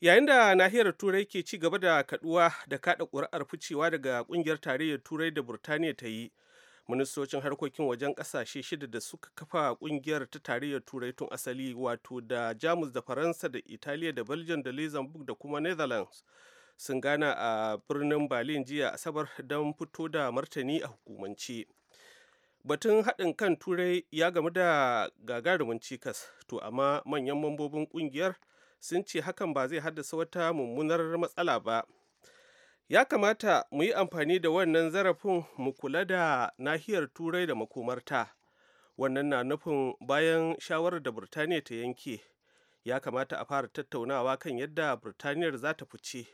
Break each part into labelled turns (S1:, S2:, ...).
S1: yayin da nahiyar turai ke ci gaba da kaduwa da kada ƙuri'ar ficewa daga ƙungiyar tarayyar turai da burtaniya ta yi ministocin harkokin wajen ƙasashe shida da suka kafa ƙungiyar ta tarayyar turai tun asali wato da jamus da faransa da italiya da belgium da luxembourg da kuma netherlands sun gana a birnin berlin jiya asabar don fito da martani a hukumance batun haɗin kan turai ya gamu da gagarumin cikas to amma manyan mambobin ƙungiyar sun ce hakan ba zai haddasa wata mummunar matsala ba ya kamata mu yi amfani da wannan zarafin mu kula da nahiyar turai da makomarta wannan na nufin bayan shawarar da burtaniya ta yanke ya kamata a fara tattaunawa kan yadda Birtaniyar za ta fice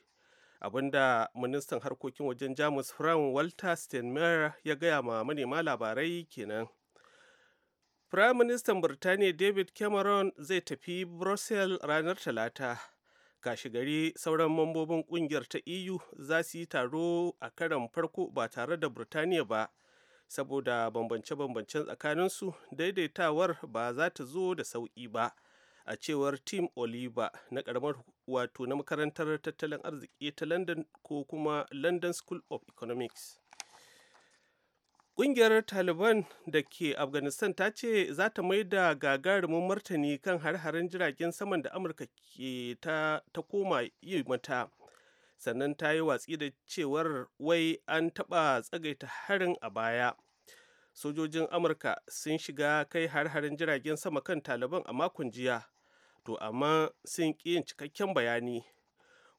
S1: abinda ministan harkokin wajen jamus frank walter steinmeier ya gaya ma manema labarai kenan Firaministan Birtaniya David Cameron zai tafi Brussels ranar Talata. gashi gari sauran mambobin kungiyar ta EU za su yi taro a karan farko ba tare da Birtaniya ba, saboda bambance-bambancen tsakaninsu daidaitawar ba za ta zo da sauƙi ba. A cewar Tim Oliver na karamar wato na makarantar tattalin arziki ta London ko kuma London School of Economics. Ƙungiyar Taliban da ke Afghanistan ta ce za ta mai da gagarumin martani kan har-haren jiragen saman da Amurka ke ta, koma yi mata. Sannan ta yi watsi da cewar wai an taɓa tsagaita harin a baya. Sojojin Amurka sun shiga kai har-haren jiragen sama kan Taliban a makon jiya, to amma sun ƙi yin cikakken bayani.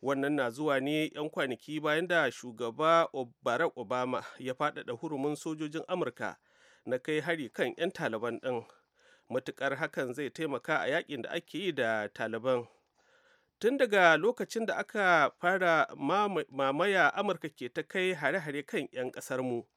S1: wannan na zuwa ne 'yan kwanaki bayan da shugaba barack obama ya faɗaɗa hurumin sojojin amurka na kai hari kan 'yan taliban ɗin matukar hakan zai taimaka a yakin da ake yi da taliban tun daga lokacin da aka fara mamaya amurka ke ta kai hare-hare kan 'yan ƙasarmu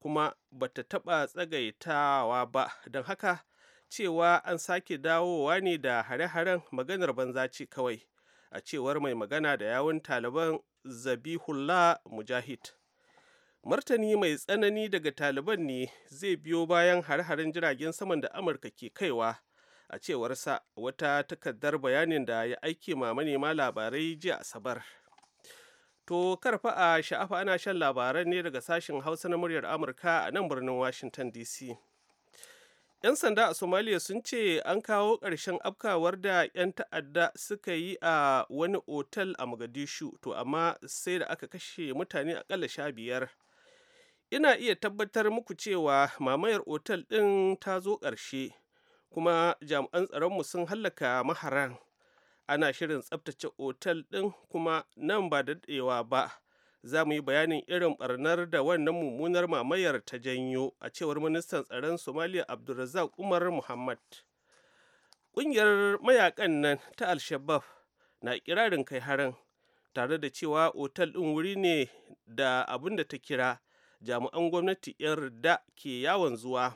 S1: kuma ba ta taɓa tsagaitawa ba don haka cewa an sake dawowa ne da hare-haren maganar banza ce kawai a cewar mai magana da yawun taliban zabihullah mujahid martani mai tsanani daga taliban ne zai biyo bayan har-harin jiragen saman da amurka ke kaiwa a cewarsa wata takardar bayanin da ya aike ma manema labarai jiya asabar to karfa a sha'afa ana shan labaran ne daga sashen hausa na muryar amurka a nan birnin washington dc 'Yan sanda a Somalia sun ce an kawo ƙarshen afkawar da 'yan ta'adda suka yi a wani otal a Mogadishu, to amma sai da aka kashe mutane akalla sha biyar. Ina iya tabbatar muku cewa mamayar otal ɗin ta zo ƙarshe, kuma jami'an tsaronmu sun hallaka maharan. Ana shirin tsabtace otal ɗin kuma nan ba daɗewa ba. za mu yi bayanin irin barnar da wannan mummunar mamayar ta janyo a cewar ministan tsaron somaliya abdulrazak umar muhammad ƙungiyar mayakan nan ta al-shabab na kirarin kai harin tare da cewa otal ɗin wuri ne da abin da ta kira jami'an gwamnati yarda ke yawon zuwa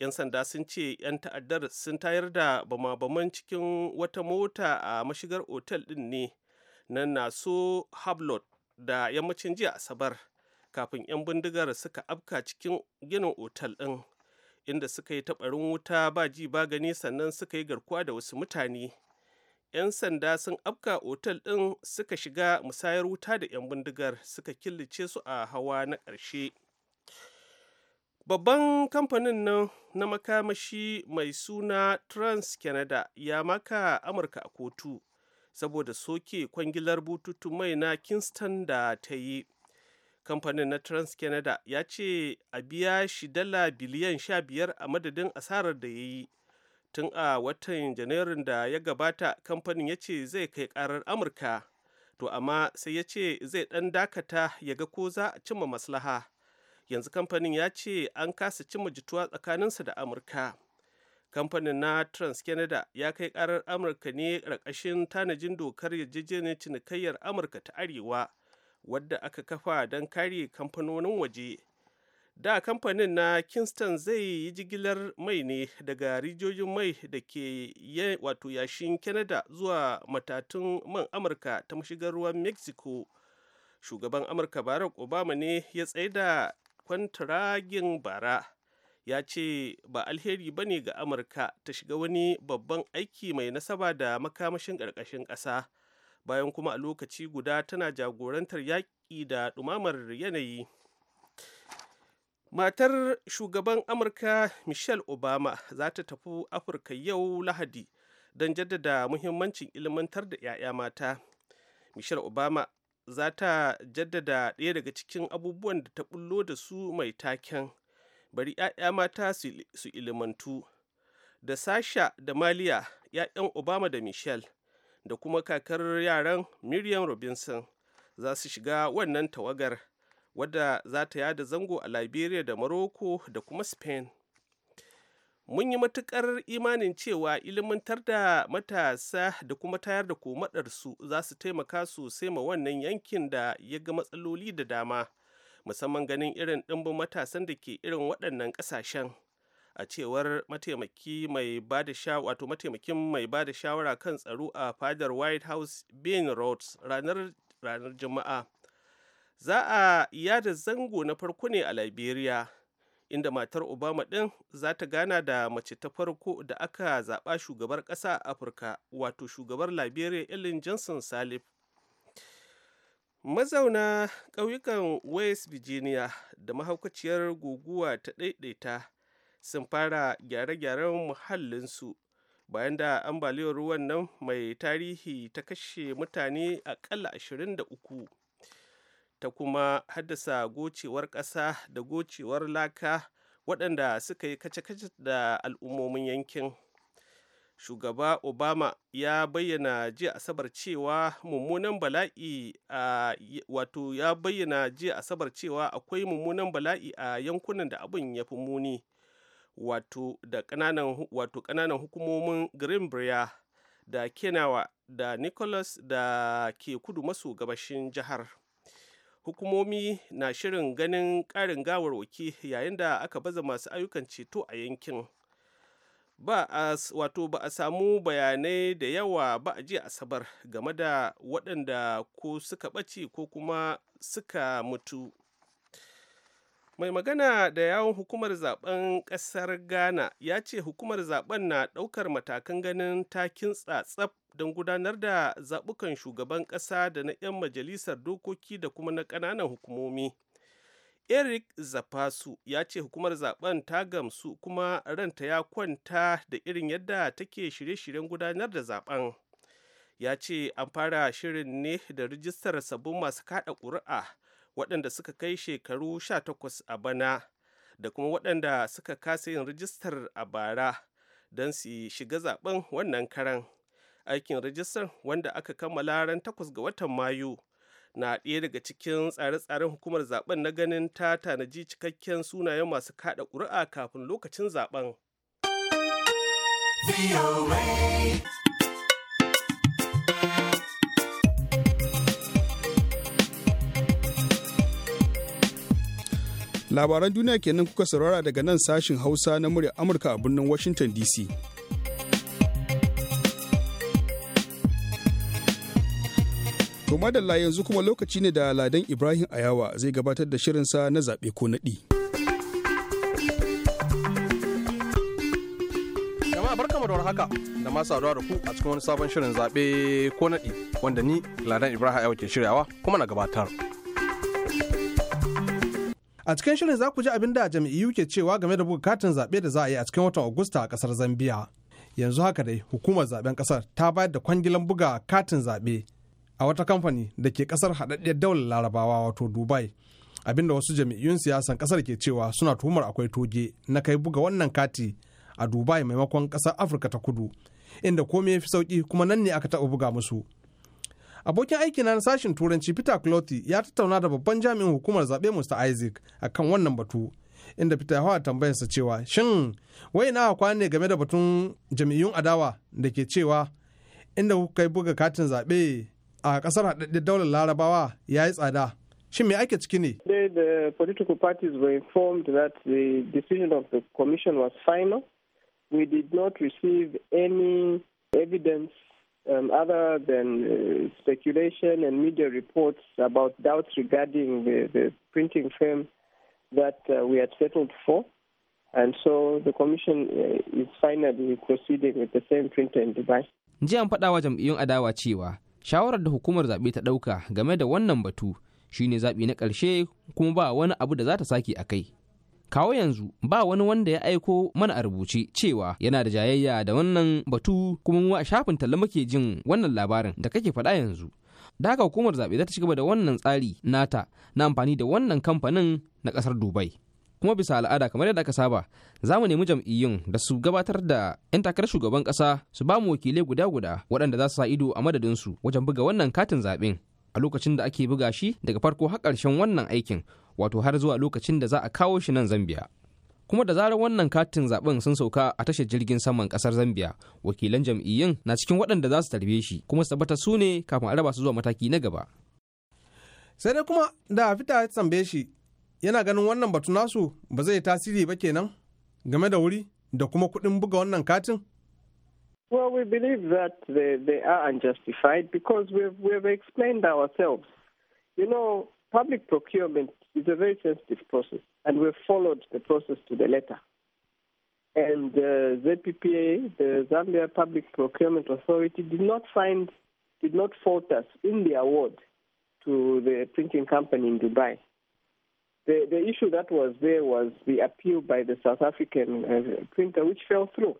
S1: 'yan sanda sun ce 'yan ta'addar sun tayar da bama-baman cikin wata mota a mashigar otal ɗin ne Nan na so hablot da yammacin jiya asabar kafin 'yan bindigar suka afka cikin ginin otal ɗin inda suka yi taɓarin wuta ba ji ba gani sannan suka yi garkuwa da wasu mutane 'yan sanda sun afka otal ɗin suka shiga musayar wuta da 'yan bindigar suka killace su a hawa na ƙarshe babban kamfanin nan na makamashi mai suna trans canada ya maka amurka a kotu saboda soke kwangilar bututun mai na kingston da ta yi kamfanin na transcanada ya ce a biya shi dala biliyan sha biyar a madadin asarar da ya yi tun a watan janairun da ya gabata kamfanin ya ce zai kai karar amurka to amma sai ya ce zai dan dakata ya ga ko za a cimma maslaha yanzu kamfanin ya ce an kasa cimma jituwa tsakaninsa da amurka kamfanin na transcanada ya kai karar amurka ne ƙarƙashin tanajin dokar yarjejeniyar cinikayyar amurka ta arewa wadda aka kafa don kare kamfanonin waje da kamfanin na kingston zai yi jigilar mai ne daga rijiyoyin mai da ke wato yashin canada zuwa matatun man amurka ta mashigar ruwan mexico shugaban amurka barack obama ne ya tsaye da kwantaragin bara ya ce ba alheri ba ne ga amurka ta shiga wani babban aiki mai nasaba da makamashin ƙarƙashin ƙasa bayan kuma a lokaci guda tana jagorantar yaƙi da ɗumamar yanayi matar shugaban amurka michelle obama za ta tafi afirka yau lahadi don jaddada muhimmancin ilmantar da 'ya'ya mata michelle obama za ta jaddada ɗaya daga cikin abubuwan da ta bullo da su mai taken bari 'ya'ya mata su ilimantu da sasha da maliya 'ya'yan obama da michelle da kuma kakar yaran miriam robinson za su shiga wannan tawagar wadda za ta yada zango a liberia da morocco da kuma spain mun yi matukar imanin cewa ilimantar da matasa da kuma tayar da komadarsu za su taimaka sosai ma wannan yankin da ya ga matsaloli da dama musamman ganin irin ɗimbin matasan da ke irin waɗannan ƙasashen a cewar mataimaki mai ba da wato mataimakin mai ba da shawara kan tsaro a fadar white house bin rhodes ranar ranar juma'a za a yada zango na farko ne a liberia inda matar obama ɗin za ta gana da mace ta farko da aka zaɓa shugabar ƙasa a afirka wato shugabar liberia ellen johnson salif mazauna ƙauyukan west virginia da mahaukaciyar guguwa ta ɗaiɗaita sun fara gyare-gyaren muhallinsu bayan da ambaliyar ruwan nan mai tarihi ta kashe mutane akalla 23 ta kuma haddasa gocewar ƙasa da gocewar laka waɗanda suka yi kace-kace da al'ummomin yankin shugaba obama ya bayyana jiya asabar cewa mummunan bala'i a wato ya bayyana jiya asabar cewa akwai mummunan bala'i a yankunan da abin ya fi muni wato da kananan wato kananan hukumomin greenbrier da kenawa da nicholas da ke kudu maso gabashin jihar hukumomi na shirin ganin ƙarin gawarwaki yayin da aka baza masu ayyukan ceto a yankin ba a wato ba a samu bayanai da yawa ba a ji asabar game da waɗanda ko suka ɓace ko kuma suka mutu mai magana da yawon hukumar zaben ƙasar ghana ya ce hukumar zaben na ɗaukar matakan ganin takin tsatsaf don gudanar da zaɓukan shugaban ƙasa da na 'yan majalisar dokoki da kuma na ƙananan hukumomi eric zafasu ya ce hukumar zaben ta gamsu kuma ranta ya kwanta da irin yadda take shirye-shiryen gudanar da zaben ya ce an fara shirin ne da rijistar sabbin masu kada ƙuri'a waɗanda suka kai shekaru 18 a bana da kuma waɗanda suka kasa yin rijistar a bara don su shiga zaben wannan karan aikin rijistar wanda aka kammala ran takwas ga watan mayu na ɗaya daga cikin tsare-tsaren hukumar zaben na ganin ta tanaji cikakken sunayen masu kaɗa ƙuri'a kafin lokacin zaben.
S2: Labaran duniya kenan kuka saurara daga nan sashin Hausa na murya Amurka a birnin Washington DC. To madalla yanzu kuma lokaci ne da Ladan Ibrahim Ayawa zai gabatar da shirinsa na zabe ko naɗi.
S3: Jama'a barka da haka da ma saduwa da ku a cikin wani sabon shirin zaɓe ko naɗi wanda ni Ladan Ibrahim Ayawa ke shiryawa kuma na gabatar. A cikin shirin za ku ji abin da jam'iyyu ke cewa game da bukatun zaɓe da za a yi a cikin watan Agusta a kasar Zambiya. Yanzu haka dai hukumar zaben kasar ta bayar da kwangilan buga katin zaɓe a wata kamfani da ke kasar haɗaɗɗiyar daular larabawa wato dubai abinda wasu jami'un siyasan kasar ke cewa suna tuhumar akwai toge na kai buga wannan kati a dubai maimakon kasar afirka ta kudu inda komai ya fi sauki kuma nan ne aka taɓa buga musu abokin aiki na sashen turanci peter clothy ya tattauna da babban jami'in hukumar zaɓe mr isaac akan wannan batu inda peter hawa sa cewa shin wai na kwana ne game da batun jami'un adawa da ke cewa inda kuka buga katin zaɓe a kasar haɗaɗɗen daular larabawa ya yi tsada shin me ake ciki ne
S4: the political parties were informed that the decision of the commission was final we did not receive any evidence um, other than uh, speculation and media reports about doubts regarding the, the printing firm that uh, we had settled for. And so the commission uh, is finally proceeding with the same printer and device.
S5: Jiya an faɗa wa jam'iyyun adawa cewa shawarar da hukumar zaɓe ta ɗauka game da wannan batu shine zaɓi na ƙarshe kuma ba wani abu da za ta sake a kai kawo yanzu ba wani wanda ya aiko mana a rubuce cewa yana da jayayya da wannan batu kuma mu a shafin talla muke jin wannan labarin da kake faɗa yanzu da haka hukumar zaɓe za ta ci gaba da wannan tsari nata na amfani da wannan kamfanin na ƙasar dubai kuma bisa al'ada kamar yadda aka saba za mu nemi jam'iyyun da su gabatar da 'yan takarar shugaban ƙasa su ba mu wakilai guda guda waɗanda za su sa ido a madadinsu wajen buga wannan katin zaɓen a lokacin da ake buga shi daga farko har ƙarshen wannan aikin wato har zuwa lokacin da za a kawo shi nan zambiya kuma da zarar wannan katin zaɓen sun sauka a tashar jirgin saman kasar zambia wakilan jam'iyyun na cikin waɗanda za su tarbe shi kuma su tabbata su ne kafin a raba su zuwa mataki na gaba
S3: sai dai kuma da fita tambaye shi yana ganin wannan batu nasu ba zai tasiri ba kenan game da wuri da kuma kuɗin buga wannan katin?
S4: Well, we believe that they, they are unjustified because we've, we've explained ourselves. You know, public procurement is a very sensitive process, and we've followed the process to the letter. And uh, ZPPA, the Zambia Public Procurement Authority, did not find, did not fault us in the award to the printing company in Dubai. The, the issue that was there was the appeal by the South African uh, printer, which fell through.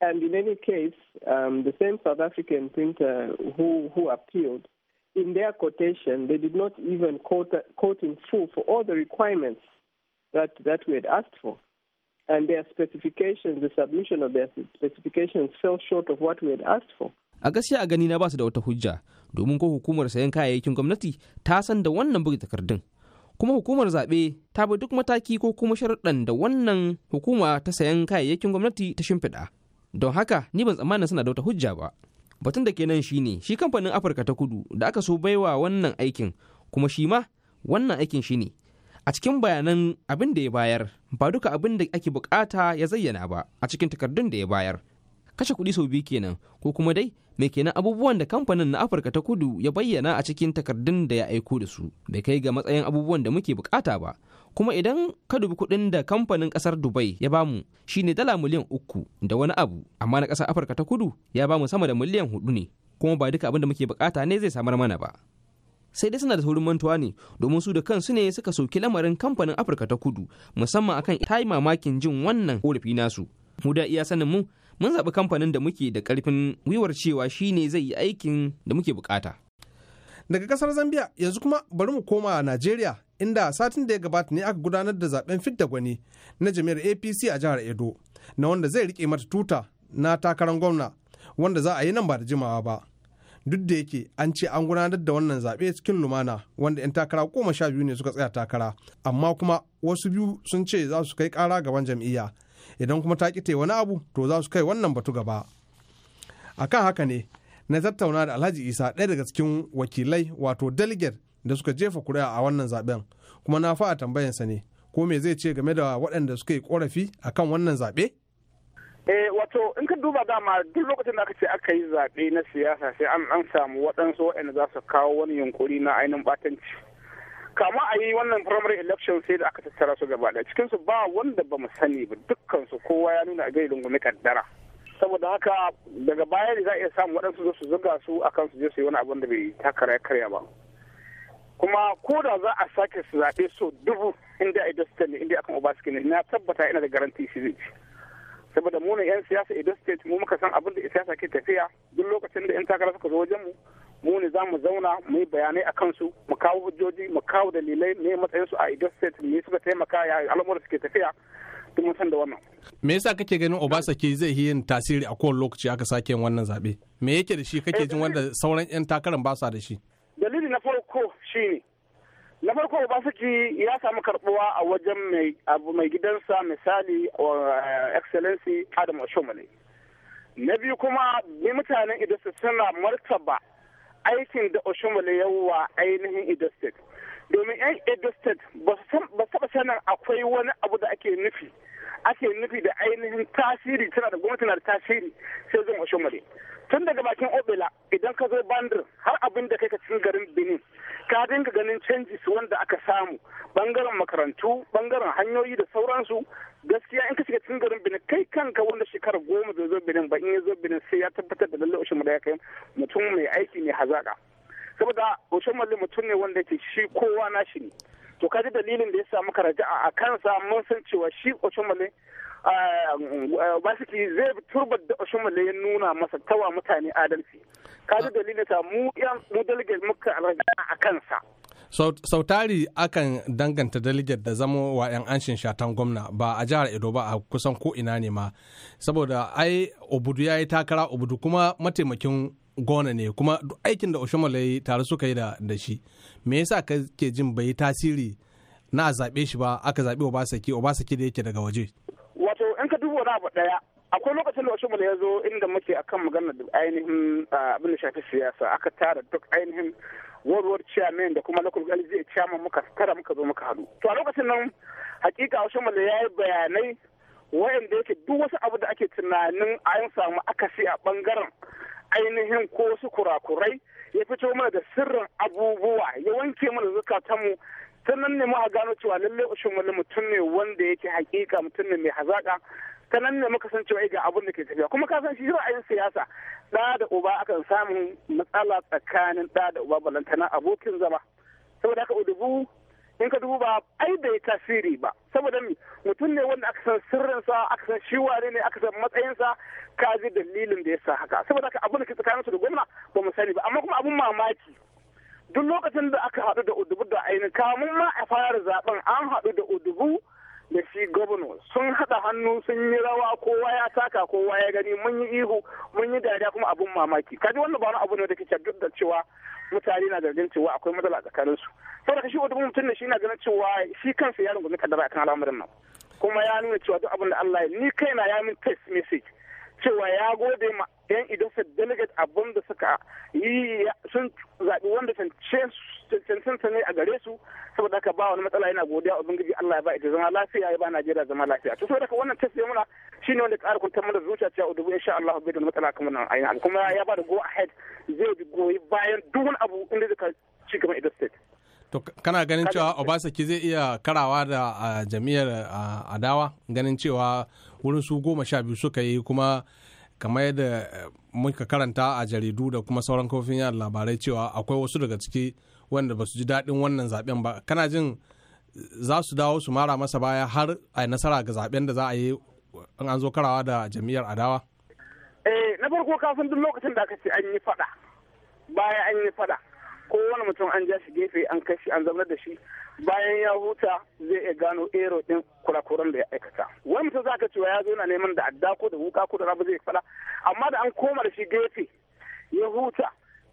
S4: And in any case, um, the same South African printer who, who appealed, in their quotation, they did not even quote, quote in full for all the requirements that, that we had asked for. And their specifications, the submission of their specifications fell short of what we had asked for.
S5: A gaskiya a gani na ba su da wata hujja, domin ko hukumar sayan kayayyakin gwamnati ta san da wannan buga takardun. kuma hukumar zaɓe ta bi duk mataki ko kuma sharuɗan da wannan hukuma ta sayan kayayyakin gwamnati ta shimfiɗa don haka ni ban tsammanin suna da wata hujja ba batun da kenan shine shi kamfanin afirka ta kudu da aka so baiwa wannan aikin kuma shi ma wannan aikin shi ne a cikin bayanan abin da ya bayar ba duka abin da ake bukata ya zayyana ba a cikin takardun da ya bayar kashe kuɗi sau biyu kenan ko kuma dai mai kenan abubuwan da kamfanin na afirka ta kudu ya bayyana a cikin takardun da ya aiko da su bai kai ga matsayin abubuwan da muke bukata ba kuma idan ka dubi kuɗin da kamfanin ƙasar dubai ya bamu shine dala miliyan uku da wani abu amma na ƙasar afirka ta kudu ya bamu sama da miliyan hudu ne kuma ba duka abin da muke bukata ne zai samar mana ba sai dai suna da saurin mantuwa ne domin su da kansu ne suka sauki lamarin kamfanin afirka ta kudu musamman akan ta yi mamakin jin wannan korafi nasu mu da iya sanin mu mun zaɓi kamfanin da muke da ƙarfin gwiwar cewa shi ne zai yi aikin da muke bukata.
S3: Daga ƙasar Zambia yanzu kuma bari mu koma a Najeriya inda satin da ya gabata ne aka gudanar da zaben fidda gwani na jami'ar APC a jihar Edo na wanda zai rike mata tuta na takarar gwamna wanda za a yi nan ba da jimawa ba. Duk da yake an ce an gudanar da wannan zaɓe cikin lumana wanda 'yan takara goma sha biyu ne suka tsaya takara amma kuma wasu biyu sun ce za su kai kara gaban jam'iyya. idan kuma ta ƙi wani abu to za su kai wannan batu gaba a kan haka ne na tattauna da alhaji isa ɗaya daga cikin wakilai wato delegate da suka jefa kuri'a a wannan zaben kuma na fa'a tambayansa ne ko me zai ce game da waɗanda suka yi korafi kan wannan zaɓe?
S6: Eh, wato in ka duba dama duk lokacin da aka ce aka yi zaɓe na siyasa sai an an samu waɗansu waɗanda za su kawo wani yunkuri na ainihin ɓatanci kama a yi wannan primary election sai da aka tattara su gaba da cikinsu ba wanda ba mu sani ba dukkansu kowa ya nuna a gai rungumi kaddara saboda haka daga baya ne za a iya samun waɗansu su zuga su akan su je su yi wani abin da bai takara karya ba kuma ko da za a sake su zaɓe so dubu inda a state ne inda akan obaski ne na tabbata ina da garanti shi zai saboda mu ne yan siyasa edo state mu muka san abin da siyasa ke tafiya duk lokacin da yan takara suka zo wajen mu mu ne za mu zauna mu yi bayanai a kansu mu kawo hujjoji mu kawo dalilai ne matsayinsu a idan state ne suka taimaka ya da suke tafiya duk mun san da wannan.
S3: me yasa kake ganin obasaki zai yi yin tasiri a kowane lokaci aka sake yin wannan zaɓe me yake da shi kake jin wanda sauran 'yan takarar ba sa da shi
S6: dalili na farko shine na farko obasaki ya samu karɓuwa a wajen mai abu mai gidansa misali eh, excellency adam oshomale na biyu kuma ni mutanen idan suna martaba aikin da Oshomole yawa ainihin Edo domin yan edo state ba taba sanin akwai wani abu da ake nufi ake nufi da ainihin tasiri tana da gwamnati na da tasiri sai zama washe mare tun daga bakin obela idan ka zo bandar har abin da kai ka cikin garin benin ka dinga ganin canji wanda aka samu bangaren makarantu bangaren hanyoyi da sauransu gaskiya in ka shiga cikin garin benin kai kanka wanda shekara goma zai zo benin ba in ya zo benin sai ya tabbatar da lallai washe mare ya kai mutum mai aiki mai hazaka saboda Usman Malli mutum ne wanda yake shi kowa na shi ne to ka dalilin da ya samu karaja a kansa mun san cewa shi Usman Malli ah, mm, ah, basiki zai turbar da Malli ya nuna masa tawa mutane adalci ka ji dalilin sa mu yan mu dalge muka
S3: a kansa sautari akan danganta delegate da zama wa 'yan anshin shatan gwamna ba a jihar edo ba a kusan ko ina ne ma saboda ai obudu ya yi takara obudu kuma mataimakin gona ne kuma duk aikin da Oshomola yi tare suka yi da shi me yasa ka ke jin bai yi tasiri na zaɓe shi ba aka zaɓi Obasaki Obasaki da yake daga waje
S6: wato in ka dubo wani abu ɗaya akwai lokacin da Oshomola ya zo inda muke kan magana da ainihin abin da shafi siyasa aka tara duk ainihin warwar chairman da kuma local zai chairman muka tara muka zo muka haɗu to a lokacin nan hakika Oshomola ya yi bayanai wayanda yake duk wasu abu da ake tunanin an samu akasi a bangaren ainihin ko wasu kurakurai ya fito mana da sirrin abubuwa ya wanke mana zukatanmu sannan ne mu a gano cewa lallai ushin wani mutum ne wanda yake hakika mutum ne mai hazaka ta nan ne muka san cewa ga abin da ke tafiya kuma ka san shi ra'ayin siyasa da da uba akan samun matsala tsakanin da da uba balantana abokin zama saboda haka udubu in ka duba ai bai tasiri ba saboda mutum ne wanda aka san sirrinsa aka san shi wane ne aka san matsayinsa ka ji dalilin da ya sa haka saboda haka abin da ke tsakanin su da gwamna ba mu sani ba amma kuma abin mamaki duk lokacin da aka haɗu da udubu da ainihin kamun ma a fara zaben an haɗu da udubu da shi gwamna sun haɗa hannu sun yi rawa kowa ya taka kowa ya gani mun yi ihu mun yi dariya kuma abun mamaki kaji wannan ba wani abu ne da kike duk da cewa mutane na zargin cewa akwai matsala tsakanin su saboda shi wata mutum ne shi na ganin cewa shi kansa ya rungumi kaddara akan al'amarin nan kuma ya nuna cewa duk abin da Allah ya ni kaina ya min text message cewa ya gode ma yan idan su delegate abin da suka yi sun zaɓi wanda cancanta ne a gare su saboda haka ba wani matsala yana godiya bangiji Allah ya ba ita zama lafiya ya ba Najeriya zama lafiya to saboda haka wannan tafiya muna shine wanda ƙara kuntar mana zuciya cewa dubu insha Allah bai da matsala kamar nan ainihin kuma ya ba da go ahead zai goyi bayan duk wani abu inda zai ci gaban idan State
S3: To kana ganin cewa Obasaki zai iya karawa da jami'ar adawa ganin cewa wurin su goma sha biyu suka yi kuma kamar yadda eh, muka karanta a jaridu da kuma sauran kofin yada labarai cewa akwai wasu daga ciki wanda ba su ji daɗin wannan zaben ba kana jin eh, za su dawo su mara masa baya har a nasara ga zaben da za a yi in an zo karawa da jam'iyyar adawa
S6: eh na farko kafin duk lokacin da aka ce an yi fada baya an yi fada kowane mutum an ja shi gefe an kashi an zaunar da shi bayan ya huta zai iya gano ero din kurakuran da ya aikata wani mutum za ka cewa ya zo na neman da adda ko da wuka ko da rabu zai fada amma da an koma da shi gefe ya huta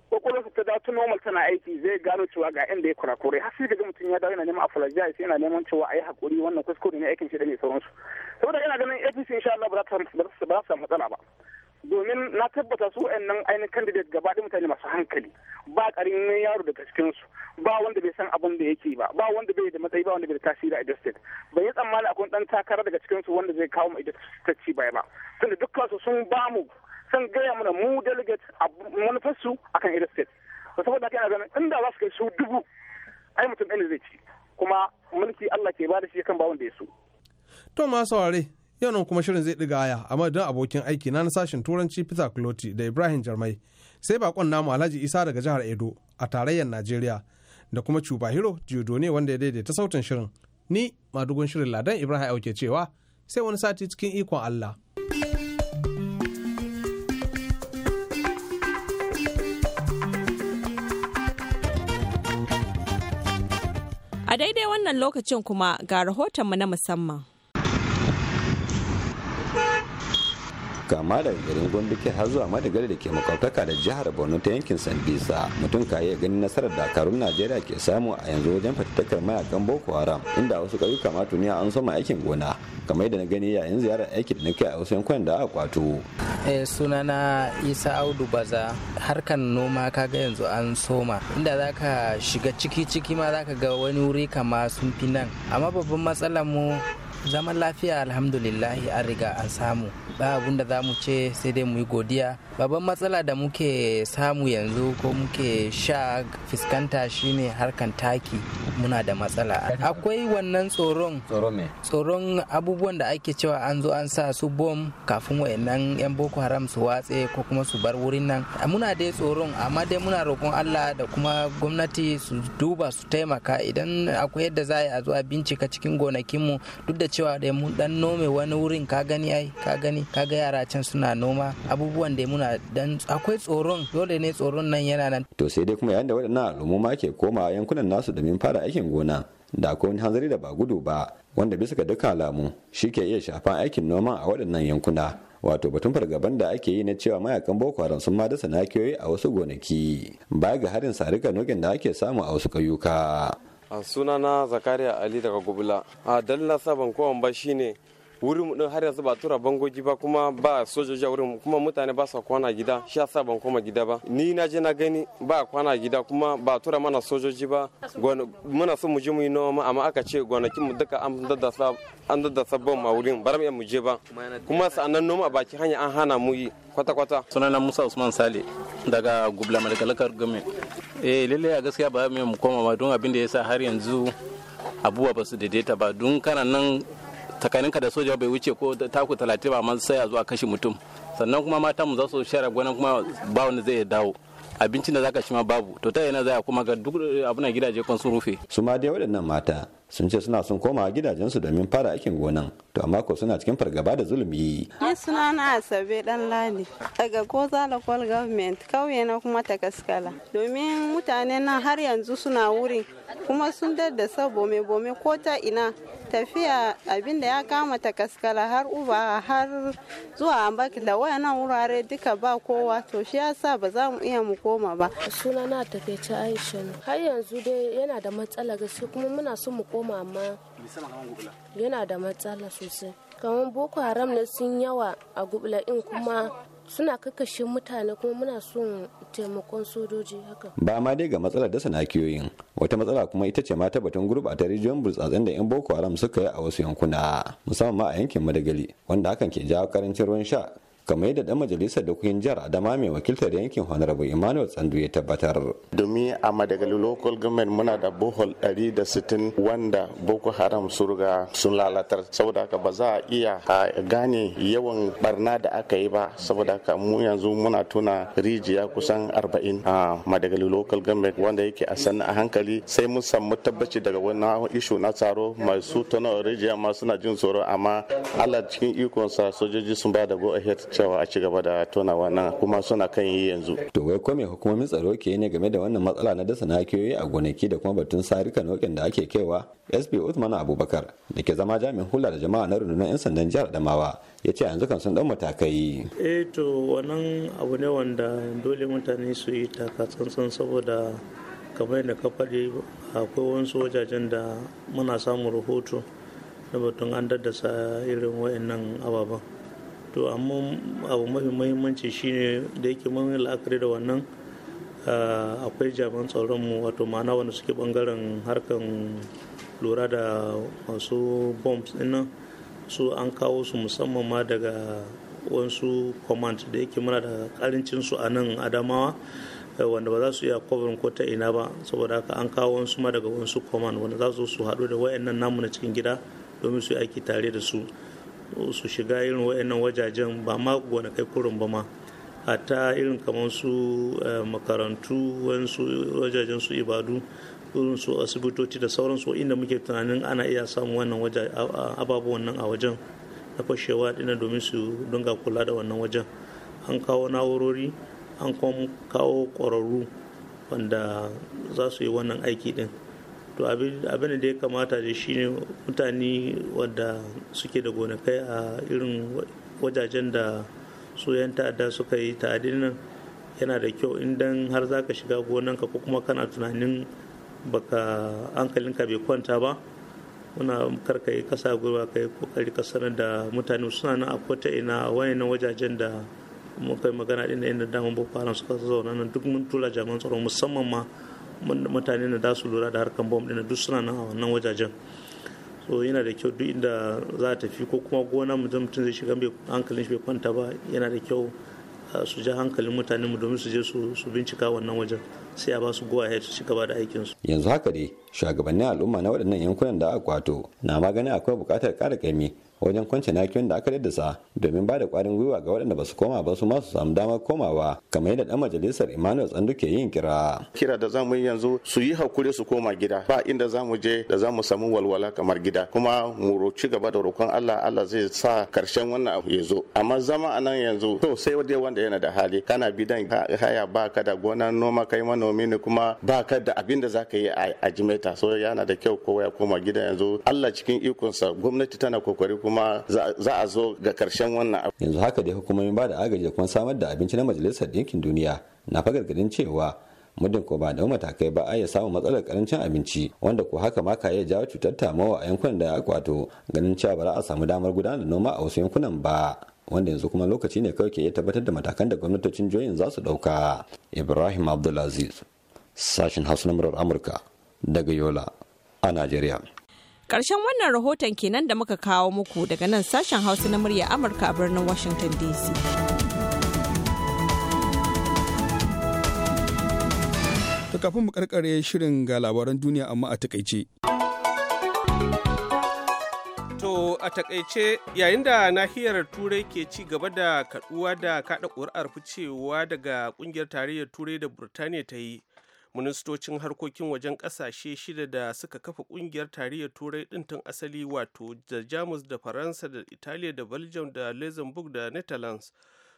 S6: kwakwalwarsa ta dawo normal tana aiki zai gano cewa ga inda ya kurakurai har sai ga mutum ya dawo yana neman apologize sai yana neman cewa a yi hakuri wannan kuskure ne aikin shi da ne sauransu saboda yana ganin apc insha Allah ba za ta samu matsala ba domin na tabbata su nan ainihin candidate gaba ɗaya mutane masu hankali ba ƙaramin yaro daga cikin su ba wanda bai san abin da yake ba ba wanda bai da matsayi ba wanda bai da tasiri a Edo State ban yi tsammani akwai ɗan takara daga cikin su wanda zai kawo mu Edo State ci baya ba tunda dukkan su sun ba mu sun gaya mana mu delegate a manufarsu akan Edo State saboda haka yana ganin inda za su kai su dubu ai mutum da zai ci kuma mulki Allah ke ba da shi kan ba wanda ya so.
S3: To ma saurare yau nan kuma shirin zai ɗiga aya a madadin abokin aiki na sashen turanci peter kloti da ibrahim jarmai sai bakon namu alhaji isa daga jihar edo a tarayyar najeriya da kuma cuba hiro ne wanda ya daidaita sautin shirin ni madugun shirin ladan ibrahim auke cewa sai wani sati cikin ikon allah
S5: a daidai wannan lokacin kuma ga rahotonmu na musamman
S7: kama daga garin gwambike har zuwa madagar da ke makautaka da jihar borno ta yankin sambisa mutum ka iya ganin nasarar dakarun najeriya ke samu a yanzu wajen fatattakar mayakan boko haram inda wasu ƙauyuka ma tuni an soma aikin gona kamar yadda na gani yayin ziyarar aiki da nake a wasu yankunan da aka kwato.
S5: Eh, sunana isa audu baza harkan noma kaga yanzu an soma inda za ka shiga ciki ciki ma za ga wani wuri kama sun fi nan amma babban matsalar mu zaman lafiya alhamdulillahi an riga an samu ba abun da za mu ce sai dai mu yi godiya babban matsala da muke samu yanzu ko muke sha fuskanta shine harkan taki muna da matsala akwai wannan tsoron tsoron abubuwan da ake cewa an zo an sa su bom kafin wayannan yan boko haram su watse ko kuma su bar wurin nan muna dai tsoron amma dai muna roƙon allah da kuma gwamnati su duba su taimaka idan akwai yadda za a zo a bincika cikin gonakinmu duk da cewa da mun dan nome wani wurin ka gani ai ka gani ka ga yara can suna noma abubuwan da muna dan akwai tsoron dole ne tsoron nan yana nan
S7: to sai dai kuma yayin da waɗannan al'umma ke koma yankunan nasu domin fara aikin gona da akwai wani hanzari da ba gudu ba wanda bisa ga duka alamu shike iya shafan aikin noma a wadannan yankuna wato batun fargaban da ake yi na cewa mayakan boko haram sun ma dasa nakiyoyi a wasu gonaki baya ga harin sarika nokin da ake samu a wasu ƙauyuka
S8: a sunana zakariya ali daga gubula a dalilin sa kowan ba shine wurin mu din har yanzu ba tura bangogi ba kuma ba sojoji a wurin kuma mutane ba sa kwana gida shi yasa ban koma gida ba ni na je na gani ba kwana gida kuma ba tura mana sojoji ba muna so mu je mu yi noma amma aka ce gonakin mu duka an daddasa an daddasa bom a wurin bar mu je ba kuma sa'annan noma baki hanya an hana mu yi kwata-kwata sunana musa usman sale daga gubla malakalakar gome eh lalle a gaskiya ba mu koma ba don abin da yasa har yanzu abubuwa ba su daidaita ba don kana nan tsakaninka da soja bai wuce ko taku talatin ba man sai a zuwa kashe mutum sannan kuma mata mu za su share gwanan kuma ba wani zai dawo abincin da zaka shi ma babu to ta yana za kuma ga duk eh, abuna gidaje kun sun rufe
S7: su ma dai waɗannan mata sun ce suna sun koma gidajensu domin fara aikin gonan to amma ko suna cikin fargaba da zulumi ni
S5: suna na asabe dan lali daga koza local government kauye na kuma ta kaskala domin mutane na har yanzu suna wurin kuma sun daddasa mai bome ko ta ina tafiya abinda ya kama ta kaskala har uba har zuwa da wayannan wurare duka ba kowa to shi yasa ba za mu iya mu koma ba suna na tafiya aisha har yanzu dai yana da matsala gaske kuma muna son mu koma ma yana da matsala sosai kamar boko haram na sun yawa a gubla in kuma suna kakashe mutane kuma muna son taimakon sojoji haka ba
S7: ma dai ga matsalar dasa nakiyoyin wata matsala kuma ita ce batun tabbatun gurbata rijiyoyin burtsatsen da yan boko haram suka yi a wasu yankuna musamman ma a yankin madagali wanda hakan ke jawo karancin ruwan sha kamar yadda dan majalisar dokokin jihar adama mai wakiltar yankin honorable emmanuel tsandu ya tabbatar domin a madagali local government muna da bohol 160 wanda boko haram
S8: surga sun lalatar saboda haka ba za a iya gane yawan barna da aka yi ba saboda haka mu yanzu muna tuna rijiya kusan 40 a madagali local government wanda yake a sannan a hankali sai mun samu tabbaci daga wannan ishu na tsaro masu tana rijiya ma suna jin tsoro amma allah cikin ikonsa sojoji sun ba da go cewa a ci gaba da tona wannan
S7: kuma suna kan yi yanzu. To wai kome hukumomin tsaro ke ne game da wannan matsala na dasa nakiyoyi a gonaki da kuma batun sarika nokin da ake kaiwa? SP Uthman Abubakar da ke zama jami'in hula da jama'a na rundunar 'yan sandan jihar Adamawa ya ce yanzu kan sun dan matakai.
S9: Eh to wannan abu ne wanda dole mutane su yi taka tsantsan saboda kamar yadda ka faɗi akwai wasu wajajen da muna samun rahoto na batun an daddasa irin wa'annan ababen. to amma abu mafi mahimmanci shine da yake mun la'akari da wannan ah, akwai jami'an tsaron mu wato ma'ana wanda suke bangaren harkan lura da masu bombs dinnan su an kawo su musamman ma daga wasu command da yake muna da karancin su a nan adamawa eh, wanda ba za su iya cover ko ta ina ba saboda haka an kawo wasu ma daga wasu command wanda za su haɗu da wayannan namu na cikin gida domin su yi aiki tare da su su shiga irin waannan wajajen ba ma gonakai kurin ba ma hatta irin kamar su eh, makarantu wasu wajajen su ibadu irin su asibitoci da sauransu inda muke tunanin ana iya samun wannan ababuwan nan a wajen na fashewa dina domin su dinga kula da wannan wajen an kawo na'urori an kawo ƙwararru wanda za su yi wannan aiki din to abin da ya kamata da ne mutane wadda suke da gonakai a irin wajajen da su ta'adda suka yi ta'adin nan yana da kyau idan har za ka shiga gonanka ko kuma kana tunanin baka hankalinka bai kwanta ba muna karka yi kasa gwiwa ka yi kokari ka sanar da mutane suna nan a kota ina wayannan wajajen da muka yi magana ɗin da inda damar bukwaran suka zauna nan duk mun tura jaman tsaro musamman ma mutane da za su lura da harkan bom ɗin duk suna nan a wannan wajajen so yana da kyau duk inda za a tafi ko kuma gona mutum mutum zai shiga hankalin shi bai kwanta ba yana da kyau ah, su ja hankalin mutane mu domin su je su bincika wannan wajen sai a ba su go ahead su ci gaba da aikinsu
S7: yanzu haka ne. shugabannin al'umma na waɗannan yankunan da aka kwato na magani akwai buƙatar ƙara ƙaimi wajen kwance na da aka daddasa domin ba da ƙwarin gwiwa ga waɗanda ba su koma ba su masu samu damar komawa kamar yadda ɗan majalisar emmanuel tsandu ke yin kira
S8: kira da zamu yi yanzu su yi hakuri su koma gida ba inda mu je da za mu samu walwala kamar gida kuma mu roci gaba da roƙon allah allah zai sa karshen wannan abu ya zo amma zama a nan yanzu to sai dai wanda yana da hali kana dan haya ba ka da gonar noma kai manomi ne kuma ba ka da abin da za ka yi a jimeta ma'aikata yana da kyau kowa ya koma gida yanzu Allah cikin ikonsa gwamnati tana kokari kuma za a zo ga karshen wannan abu
S7: yanzu haka dai hukumomin ba da agaji da kuma samar da abinci na majalisar ɗinkin duniya na fagargadin cewa muddin ko ba da matakai ba a ya samu matsalar karancin abinci wanda ko haka ma ka iya jawo cutar tamawa a yankunan da ya kwato ganin cewa ba za a samu damar gudanar da noma a wasu yankunan ba wanda yanzu kuma lokaci ne kawai ke iya tabbatar da matakan da gwamnatocin jihohin za su ɗauka ibrahim abdulaziz sashen hausa na amurka daga Yola a Najeriya.
S5: Ƙarshen wannan rahoton kenan da muka kawo muku daga nan sashen Hausa na murya Amurka a birnin Washington DC.
S2: ta kafin mu karkare shirin ga labaran duniya amma a takaice.
S1: To a takaice yayin da nahiyar turai ke ci gaba da kaduwa da kada ƙuri'ar ficewa daga kungiyar tarayyar turai da Burtaniya ta yi ministocin harkokin wajen ƙasashe shida da suka kafa ƙungiyar tarayyar turai din tun asali wato da jamus da faransa da italiya da belgium da luxembourg da netherlands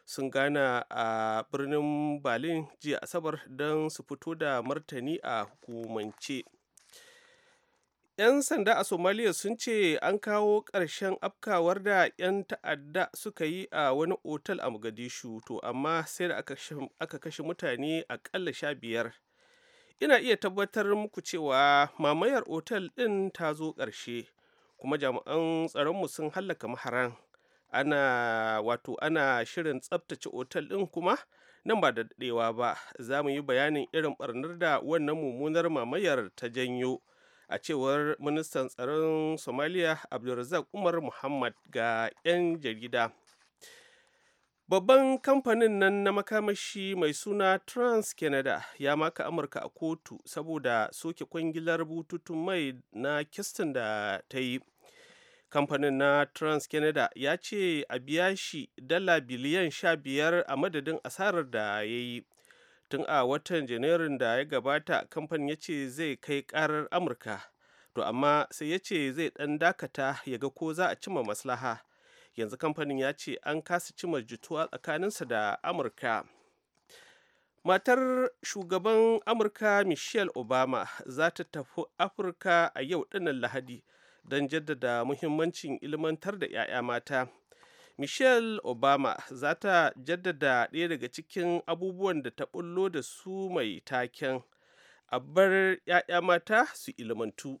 S1: sun gana a birnin berlin jiya asabar don su fito da martani a hukumance 'yan sanda a somalia sun ce an kawo ƙarshen afkawar da 'yan ta'adda suka yi a wani otal a mogadishu to amma sai da aka kashe mutane aƙalla sha biyar ina iya tabbatar muku cewa mamayar otal ɗin ta zo ƙarshe kuma jami'an tsaronmu sun hallaka maharan ana wato ana shirin tsabtace otal ɗin kuma nan ba da daɗewa ba za mu yi bayanin irin ɓarnar da wannan mummunar mamayar ta janyo a cewar ministan tsaron somaliya abdulrazak umar muhammad ga 'yan jarida babban kamfanin nan na makamashi mai suna trans canada ya maka amurka a kotu saboda soke kwangilar bututun mai na kistin da ta yi kamfanin na trans canada ya ce a biya shi dala biliyan sha biyar a madadin asarar da ya yi tun a watan janairun da ya gabata kamfanin ya ce zai kai karar amurka to amma sai ya ce zai ɗan dakata ya ga ko za a cima maslaha yanzu kamfanin ya ce an kasa cima jituwa tsakaninsa da amurka matar shugaban amurka michelle obama za ta tafi afirka a yau dinnan lahadi don jaddada muhimmancin ilmantar da 'ya'ya mata michelle obama za ta jaddada ɗaya daga cikin abubuwan da ta bullo da su mai taken a 'ya'ya mata su ilmantu